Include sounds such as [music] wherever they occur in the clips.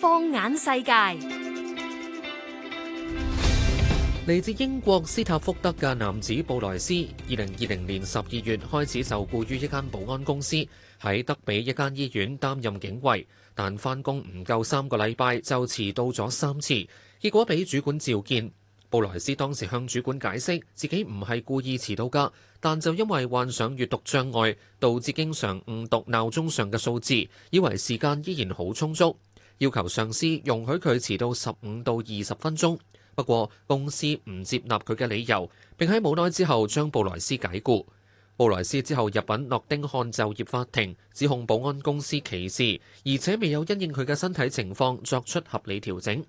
放眼世界，嚟自英國斯塔福德嘅男子布萊斯，二零二零年十二月開始受僱於一間保安公司，喺德比一間醫院擔任警衛，但返工唔夠三個禮拜就遲到咗三次，結果俾主管召見。布萊斯當時向主管解釋自己唔係故意遲到噶，但就因為患上閱讀障礙，導致經常誤讀鬧鐘上嘅數字，以為時間依然好充足，要求上司容許佢遲到十五到二十分鐘。不過公司唔接納佢嘅理由，並喺冇耐之後將布萊斯解僱。布萊斯之後入稟諾丁漢就業法庭，指控保安公司歧視，而且未有因應佢嘅身體情況作出合理調整。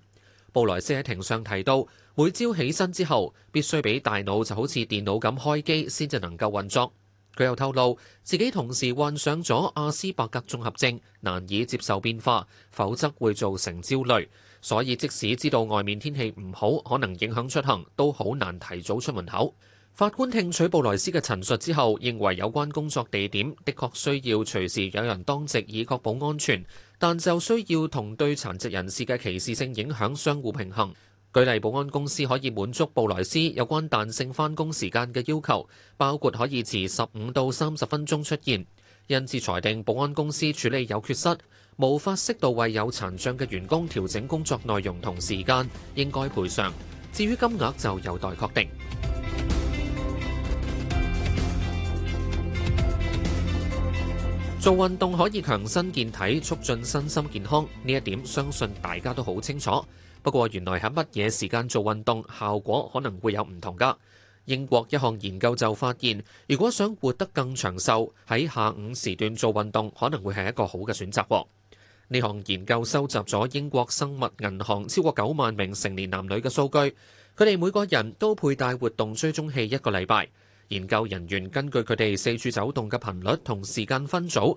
布萊斯喺庭上提到，每朝起身之後必須俾大腦就好似電腦咁開機先至能夠運作。佢又透露自己同時患上咗阿斯伯格綜合症，難以接受變化，否則會造成焦慮。所以即使知道外面天氣唔好，可能影響出行，都好難提早出門口。法官聽取布萊斯嘅陳述之後，認為有關工作地點的確需要隨時有人當值以確保安全，但就需要同對殘疾人士嘅歧視性影響相互平衡。舉例，保安公司可以滿足布萊斯有關彈性返工時間嘅要求，包括可以遲十五到三十分鐘出現。因此裁定，保安公司處理有缺失，無法適度為有殘障嘅員工調整工作內容同時間，應該賠償。至於金額就有待確定。 [music] 做運動可以強身健體，促進身心健康，呢一點相信大家都好清楚。不過原來喺乜嘢時間做運動，效果可能會有唔同噶。英國一項研究就發現，如果想活得更長壽，喺下午時段做運動可能會係一個好嘅選擇。呢項研究收集咗英國生物銀行超過九萬名成年男女嘅數據，佢哋每個人都佩戴活動追蹤器一個禮拜。研究人員根據佢哋四處走動嘅頻率同時間分組。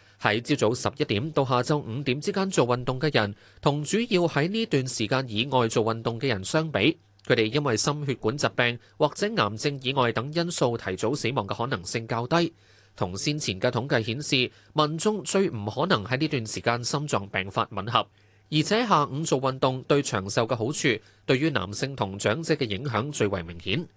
喺朝早十一點到下晝五點之間做運動嘅人，同主要喺呢段時間以外做運動嘅人相比，佢哋因為心血管疾病或者癌症以外等因素提早死亡嘅可能性較低。同先前嘅統計顯示，民眾最唔可能喺呢段時間心臟病發吻合，而且下午做運動對長壽嘅好處，對於男性同長者嘅影響最為明顯。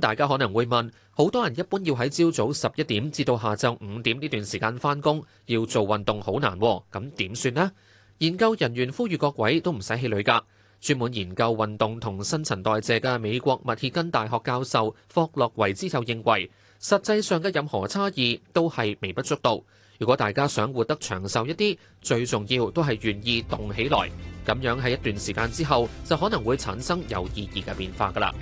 大家可能會問，好多人一般要喺朝早十一點至到下晝五點呢段時間翻工，要做運動好難喎。咁點算呢？研究人員呼籲各位都唔使氣餒㗎。專門研究運動同新陳代謝嘅美國密歇根大學教授霍洛維茲就認為，實際上嘅任何差異都係微不足道。如果大家想活得長壽一啲，最重要都係願意動起來。咁樣喺一段時間之後，就可能會產生有意義嘅變化㗎啦。